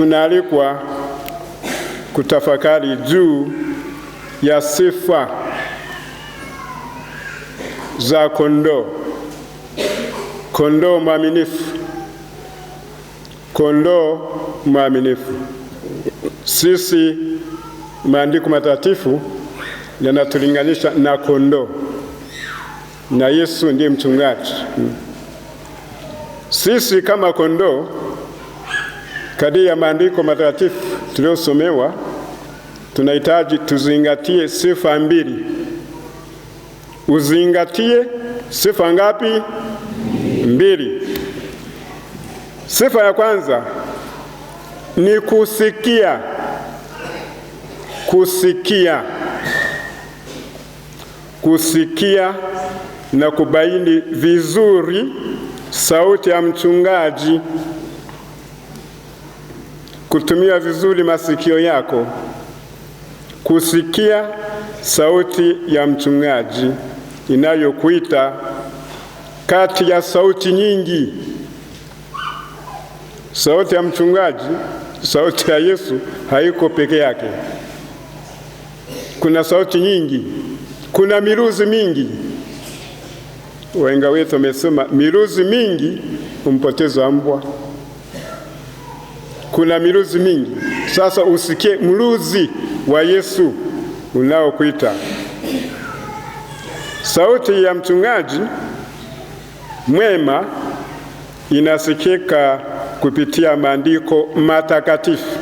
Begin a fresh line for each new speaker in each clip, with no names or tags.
tunaalikwa kutafakari juu ya sifa za kondoo, kondoo mwaminifu, kondoo mwaminifu. Sisi maandiko matakatifu yanatulinganisha na kondoo, na Yesu ndiye mchungaji. Sisi kama kondoo Kadiri ya maandiko matakatifu tuliyosomewa, tunahitaji tuzingatie sifa mbili. Uzingatie sifa ngapi? Mbili. Sifa ya kwanza ni kusikia. Kusikia, kusikia na kubaini vizuri sauti ya mchungaji kutumia vizuri masikio yako kusikia sauti ya mchungaji inayokuita kati ya sauti nyingi. Sauti ya mchungaji, sauti ya Yesu haiko peke yake. Kuna sauti nyingi, kuna miruzi mingi. Wenga wetu wamesema miruzi mingi umpotezo mbwa kuna miruzi mingi. Sasa usikie mruzi wa Yesu unaokuita. Sauti ya mchungaji mwema inasikika kupitia maandiko matakatifu,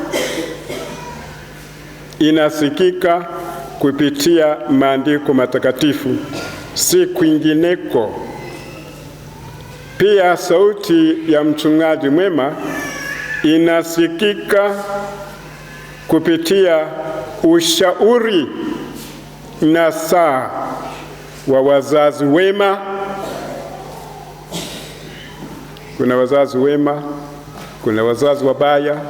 inasikika kupitia maandiko matakatifu, si kwingineko. Pia sauti ya mchungaji mwema inasikika kupitia ushauri na saa wa wazazi wema. Kuna wazazi wema, kuna wazazi wabaya.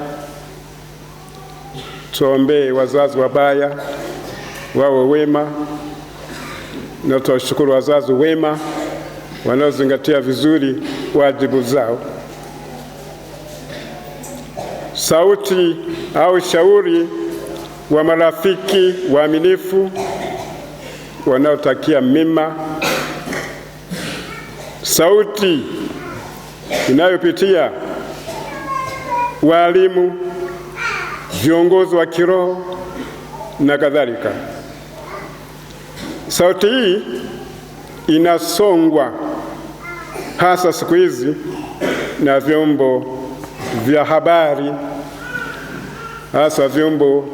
Tuombee wazazi wabaya wawe wema, na tuwashukuru wazazi wema wanaozingatia vizuri wajibu zao sauti au shauri wa marafiki waaminifu wanaotakia mema, sauti inayopitia walimu, viongozi wa kiroho na kadhalika. Sauti hii inasongwa hasa siku hizi na vyombo vya habari, hasa vyombo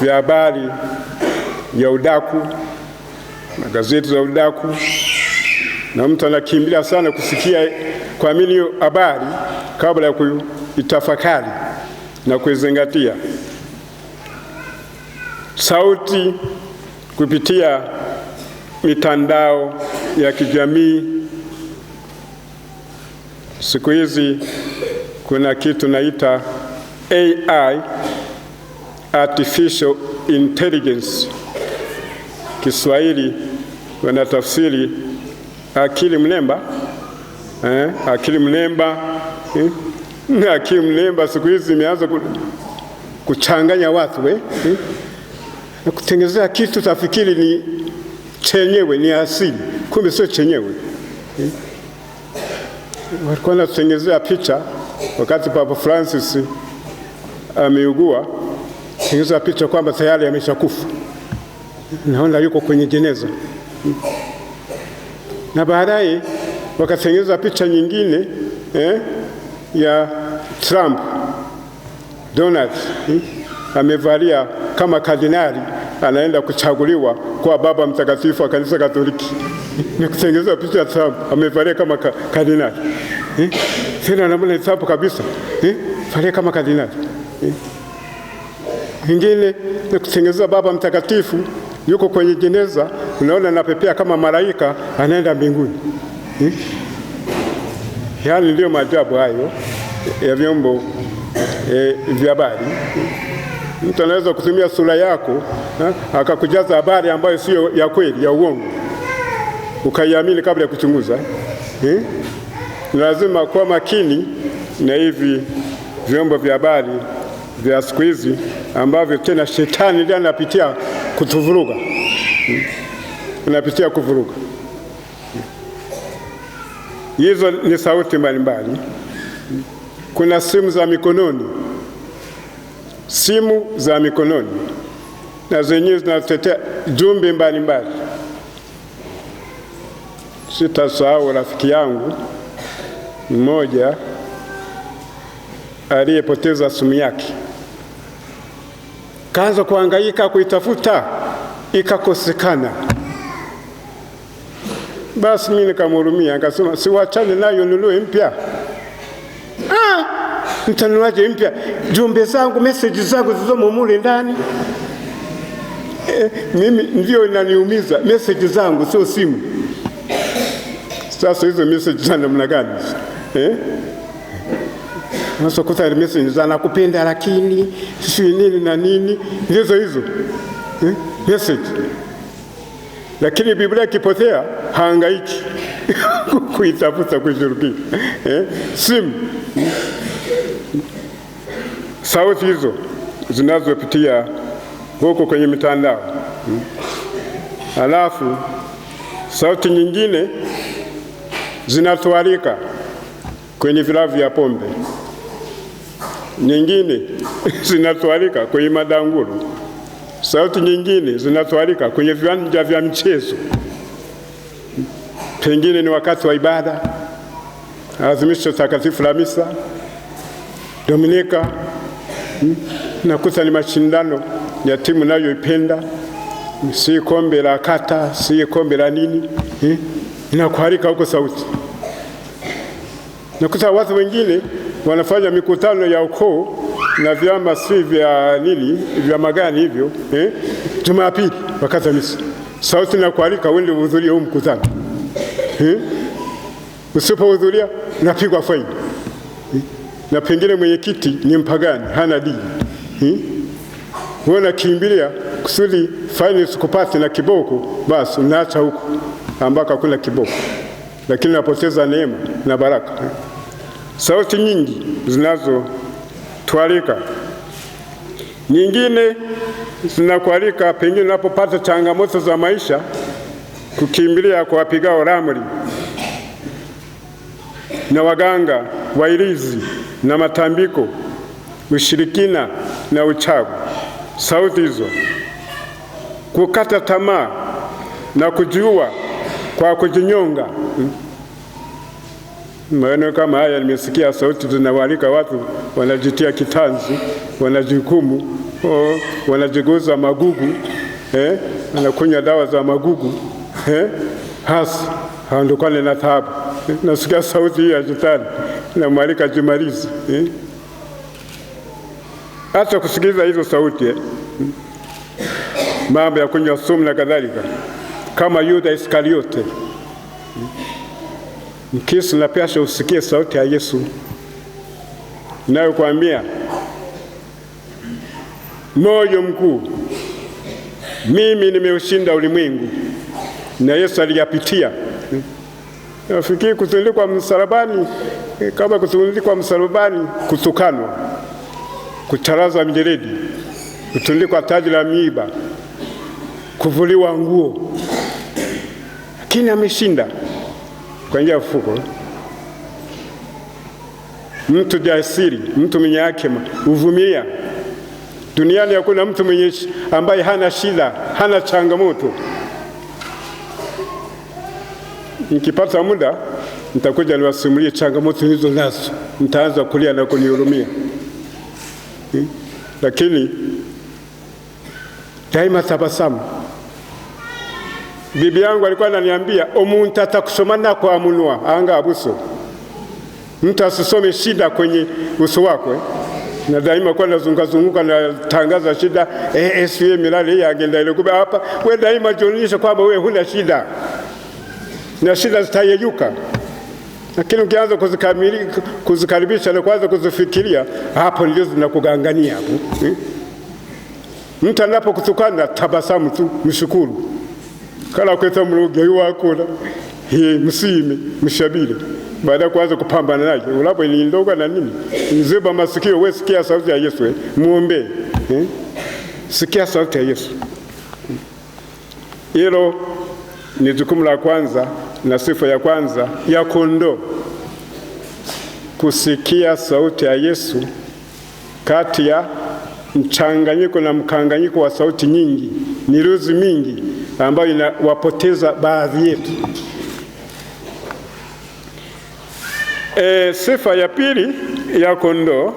vya habari ya udaku, magazeti za udaku, na mtu anakimbilia sana kusikia kuamini hiyo habari kabla ya kuitafakari na kuizingatia. Sauti kupitia mitandao ya kijamii siku hizi kuna kitu naita AI, artificial intelligence, Kiswahili wanatafsiri akili mnemba eh, akili mnemba eh, akili mnemba siku hizi imeanza kuchanganya watu eh, eh, kutengenezea kitu tafikiri ni chenyewe ni asili, kumbe sio chenyewe eh, walikuwa wanatutengenezea picha wakati Papa Francis ameugua, tengeneza picha kwamba tayari ameshakufa, naona yuko kwenye jeneza, na baadaye wakatengeneza picha nyingine eh, ya Trump Donald eh, amevalia kama kardinali anaenda kuchaguliwa kwa baba mtakatifu wa kanisa Katoliki. Nikutengeneza picha ya Trump amevalia kama kardinali eh? tena namna hesabu kabisa eh, fare kama kardinali eh. Ingine ni Baba Mtakatifu, yuko kwenye jeneza, unaona napepea kama malaika anaenda mbinguni eh. Yaani ndio maajabu hayo ya vyombo eh, vya habari eh. Mtu anaweza kutumia sura yako eh? akakujaza habari ambayo sio ya kweli, ya uongo, ukaiamini kabla ya kuchunguza eh lazima kuwa makini na hivi vyombo vya habari vya siku hizi ambavyo tena shetani ndiye anapitia kutuvuruga, anapitia kuvuruga. Hizo ni sauti mbalimbali. Kuna simu za mikononi, simu za mikononi na zenyewe zinatetea jumbe mbalimbali. Sitasahau rafiki yangu mmoja aliyepoteza simu yake, kaanza kuhangaika kuitafuta ikakosekana. Basi mimi nikamhurumia, nikasema siwachane nayo nunue mpya. Ah, mpya? jumbe zangu meseji zangu zizomumule ndani eh, mimi ndio inaniumiza meseji zangu, sio simu. Sasa hizo meseji za namna gani? eh? Unasokosa message anakupenda lakini sisi nini na nini ndizo hizo eh? message lakini Biblia ikipotea hangaiki kuitafuta kuishurukia eh? simu sauti hizo zinazopitia huko kwenye mitandao hmm. Alafu sauti nyingine zinatwarika kwenye vilabu vya pombe, nyingine zinatwalika kwenye madanguro, sauti nyingine zinatwalika kwenye viwanja vya mchezo. Pengine ni wakati wa ibada, adhimisho takatifu la misa, Dominika, hmm? nakuta ni mashindano ya timu nayoipenda si kombe la kata, si kombe la nini, hmm? Inakuharika huko sauti Nikuta watu wengine wanafanya mikutano ya ukoo na vyama si vya nini vya magani hivyo eh? Jumapili wakati wa misa, sauti na kualika wende uhudhurie huu mkutano eh? Usipohudhuria napigwa faini eh? Na pengine mwenyekiti ni mpagani hana dini eh? Wewe unakimbilia kusudi faini sikupate na kiboko, basi unaacha huko ambako hakuna kiboko, lakini napoteza neema na baraka eh? sauti nyingi zinazotwalika nyingine zinakualika pengine unapopata changamoto za maisha kukimbilia kuwapigao wapigao ramli na waganga wailizi na matambiko, ushirikina na uchawi. Sauti hizo kukata tamaa na kujiua kwa kujinyonga maeneo kama haya nimesikia, sauti zinawalika watu, wanajitia kitanzi, wanajikumu, wanajiguza magugu eh, wanakunywa dawa za magugu eh, hasa haondokane na taabu. Nasikia sauti hii ya shetani namwalika, jimalizi eh. hata kusikiliza hizo sauti eh. Mambo ya kunywa sumu na kadhalika, kama Yuda Iskariote eh. Mkisu napasha usikie sauti ya Yesu inayokuambia moyo mkuu, mimi nimeushinda ulimwengu. Na Yesu aliyapitia. Nafikiri kutundikwa msalabani, kama kutundikwa msalabani, kutukanwa, kucharazwa mijeledi, kutundikwa taji la miiba, kuvuliwa nguo, lakini ameshinda kwa njia ya Mtu jasiri, mtu mwenye hekima huvumilia. Duniani hakuna mtu mwenye ambaye hana shida, hana changamoto. Nikipata muda nitakuja niwasimulie changamoto hizo nazo, mtaanza kulia na kunihurumia. Hmm? Lakini daima tabasamu bibi yangu alikuwa ananiambia omuntu atakusoma na kwa munwa anga abuso, mtu asisome shida kwenye uso wako eh? na daima kwa nazunguka zunguka na tangaza shida eh, eh, milale yange ile kubwa hapa. wewe daima jionyeshe kwamba wewe huna shida na shida zitayeyuka, lakini ukianza kuzikamili kuzikaribisha na kuanza kuzifikiria, hapo ndio zinakugangania hapo eh? mtu anapokutukana tabasamu tu, mshukuru kala kweta mulugeyu wakola he msimi mshabile baada kuanza kupambana naye ulapo ni ndoga na nini nzeba masikio wewe sikia sauti ya Yesu eh? muombe eh? sikia sauti ya Yesu hilo ni jukumu la kwanza na sifa ya kwanza ya kondo kusikia sauti ya Yesu kati ya mchanganyiko na mkanganyiko wa sauti nyingi, miruzi mingi ambayo inawapoteza baadhi yetu. E, sifa ya pili ya kondoo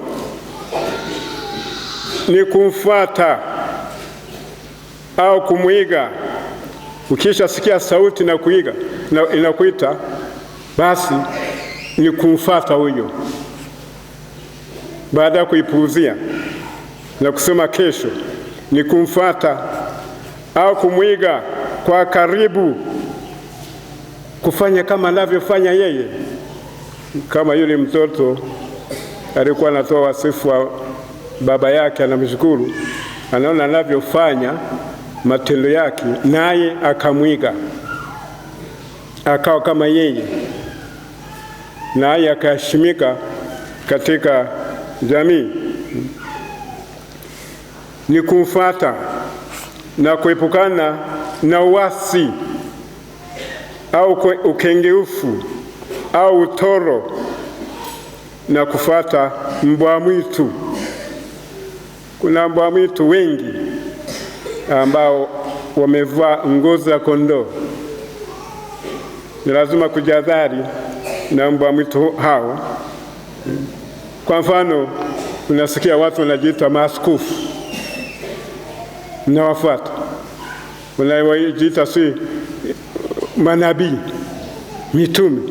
ni kumfuata au kumwiga. Ukisha sikia sauti na kuiga na inakuita, basi ni kumfuata huyo, baada ya kuipuuzia na kusema kesho, ni kumfuata au kumwiga kwa karibu, kufanya kama anavyofanya yeye. Kama yule mtoto alikuwa anatoa wasifu wa baba yake, anamshukuru, anaona anavyofanya matendo yake, naye akamwiga akawa kama yeye, naye akaheshimika katika jamii. Ni kumfata na kuepukana na uasi au ukengeufu au utoro na kufata mbwa mwitu. Kuna mbwa mwitu wengi ambao wamevaa ngozi ya kondoo. Ni lazima kujadhari na mbwa mwitu hao. Kwa mfano, unasikia watu wanajiita maaskofu mnawafuata. Wanajiita si manabii mitume,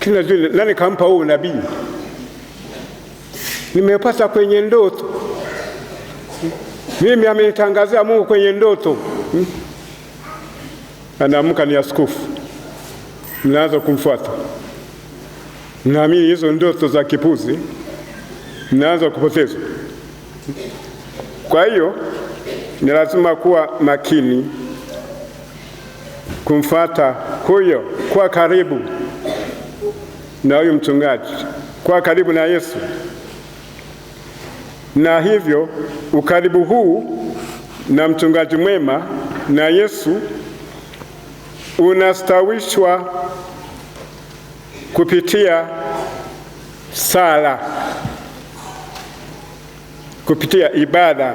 kila zile nani kampa huu nabii? Nimepata kwenye ndoto mimi, amenitangazia Mungu kwenye ndoto. Hmm? Anaamka ni askofu, mnaanza kumfuata, mnaamini hizo ndoto za kipuzi, mnaanza kupotezwa. Kwa hiyo ni lazima kuwa makini kumfata huyo kwa karibu na huyu mchungaji, kwa karibu na Yesu, na hivyo ukaribu huu na mchungaji mwema na Yesu unastawishwa kupitia sala, kupitia ibada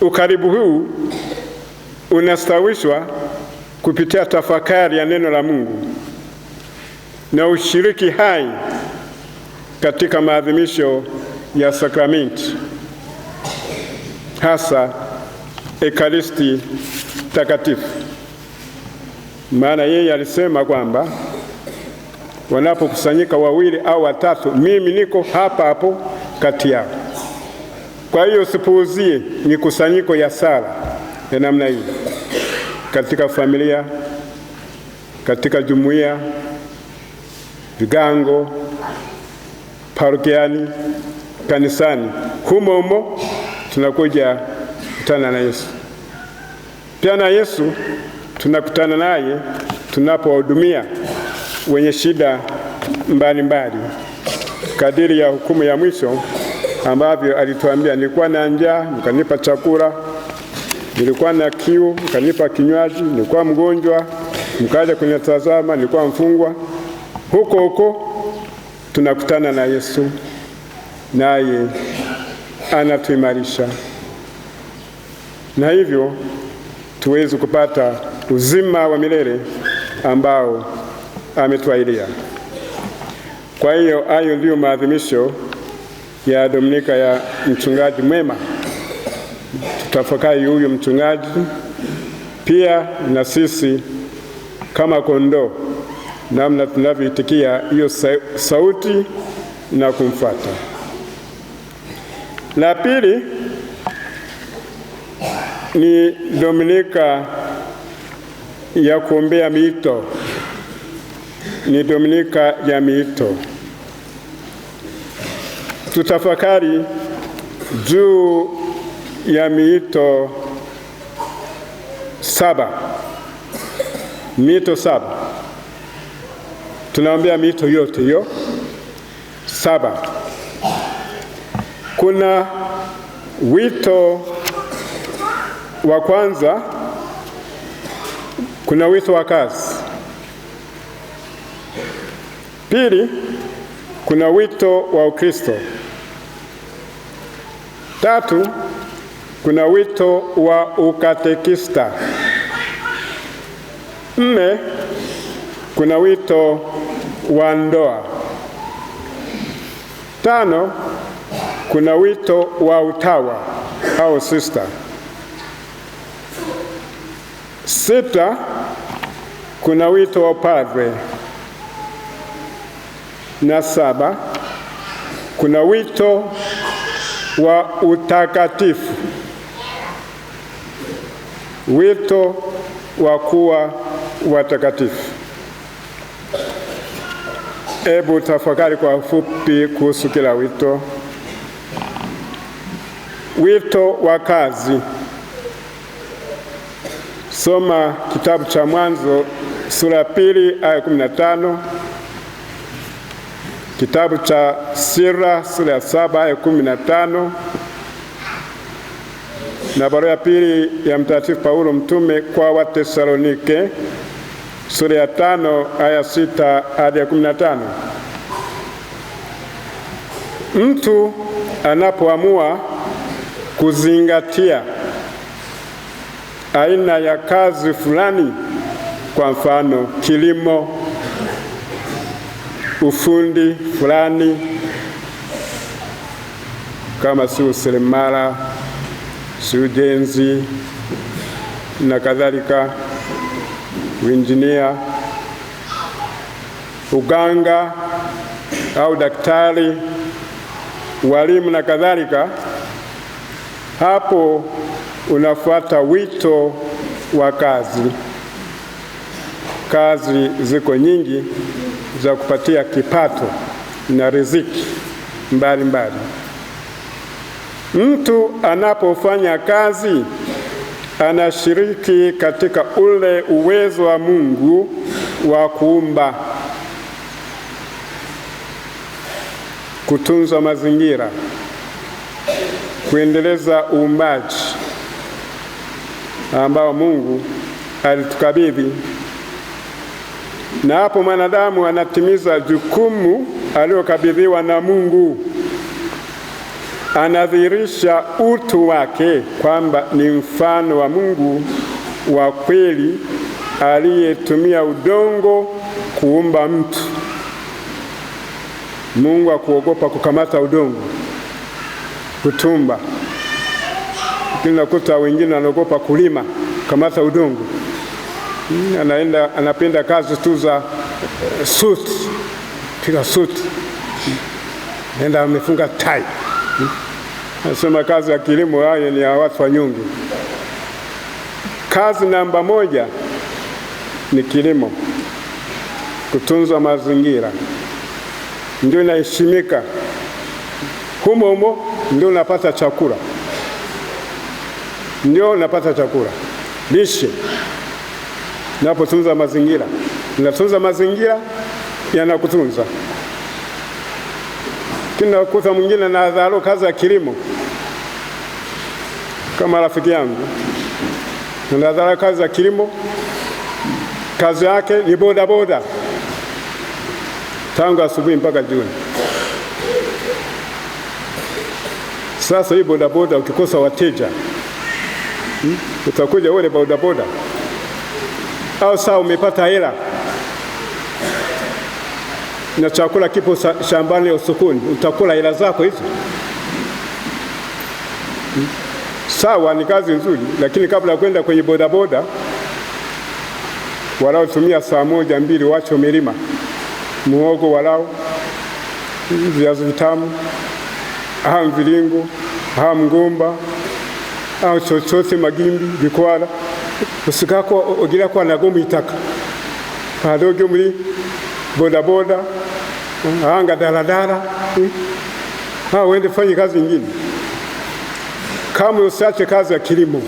Ukaribu huu unastawishwa kupitia tafakari ya neno la Mungu na ushiriki hai katika maadhimisho ya sakramenti, hasa Ekaristi Takatifu. Maana yeye alisema kwamba wanapokusanyika wawili au watatu, mimi niko hapa hapo kati yao. Kwa hiyo usipuuzie mikusanyiko ya sala ya namna hii katika familia, katika jumuiya, vigango, parokiani, kanisani, humo humo tunakuja kutana na Yesu. Pia na Yesu tunakutana naye tunapowahudumia wenye shida mbalimbali kadiri ya hukumu ya mwisho ambavyo alituambia, nilikuwa na njaa mkanipa chakula, nilikuwa na kiu mkanipa kinywaji, nilikuwa mgonjwa mkaja kunitazama, nilikuwa mfungwa. Huko huko tunakutana na Yesu, naye anatuimarisha na hivyo tuweze kupata uzima wa milele ambao ametuahidia. Kwa hiyo hayo ndiyo maadhimisho ya Dominika ya mchungaji mwema. Tutafakari huyu mchungaji pia na sisi kama kondoo, namna tunavyoitikia hiyo sauti na kumfuata. La pili ni Dominika ya kuombea miito, ni Dominika ya miito tutafakari juu ya miito saba, miito saba. Tunaambia miito yote hiyo saba. Kuna wito wa kwanza, kuna wito wa kazi. Pili, kuna wito wa Ukristo. Tatu, kuna wito wa ukatekista. Nne, kuna wito wa ndoa. Tano, kuna wito wa utawa au sista. Sita, kuna wito wa padre. Na saba, kuna wito wa utakatifu. Wito wa kuwa watakatifu. Hebu tafakari kwa ufupi kuhusu kila wito. Wito wa kazi. Soma kitabu cha Mwanzo sura pili aya 15 Kitabu cha Sira sura ya saba aya kumi na tano na barua ya pili ya Mtakatifu Paulo mtume kwa Watesalonike sura ya tano aya sita hadi ya kumi na tano. Mtu anapoamua kuzingatia aina ya kazi fulani, kwa mfano kilimo ufundi fulani kama si useremala, si ujenzi na kadhalika, uinjinia, uganga au daktari, walimu na kadhalika. Hapo unafuata wito wa kazi. Kazi ziko nyingi za kupatia kipato na riziki mbalimbali mbali. Mtu anapofanya kazi anashiriki katika ule uwezo wa Mungu wa kuumba, kutunza mazingira, kuendeleza uumbaji ambao Mungu alitukabidhi na hapo mwanadamu anatimiza jukumu aliyokabidhiwa na Mungu, anadhihirisha utu wake kwamba ni mfano wa Mungu wa kweli aliyetumia udongo kuumba mtu. Mungu akuogopa kukamata udongo kutumba, lakini nakuta wengine wanaogopa kulima kukamata udongo. Mm, anaenda anapenda kazi tu za eh, suit, pika suit, nenda amefunga tai, anasema kazi ya kilimo hayo ni ya watu wanyungi Kazi namba moja ni kilimo, kutunza mazingira, ndio inaheshimika humo humo, ndio unapata chakula, ndio unapata chakula lishe Napotunza mazingira, natunza mazingira yanakutunza. Kinakuta mwingine na dharau kazi ya kilimo, kama rafiki yangu na kazi ya kilimo, kazi yake ni bodaboda tangu asubuhi mpaka jioni. Sasa hii bodaboda ukikosa wateja, hmm? utakuja ule bodaboda sawa sawa, umepata hela na chakula kipo shambani au sokoni, utakula hela zako hizo. Sawa, ni kazi nzuri, lakini kabla ya kwenda kwenye bodaboda, tumia saa moja mbili, wacho milima, muogo walao, viazi vitamu, aha mviringo aha mgomba, au chochote, magimbi, vikwala osigako ogira kwanaga omu itaka hariho boda boda bodaboda ahanga hmm? ha wende fanye kazi nyingine kama usiache kazi ya kilimo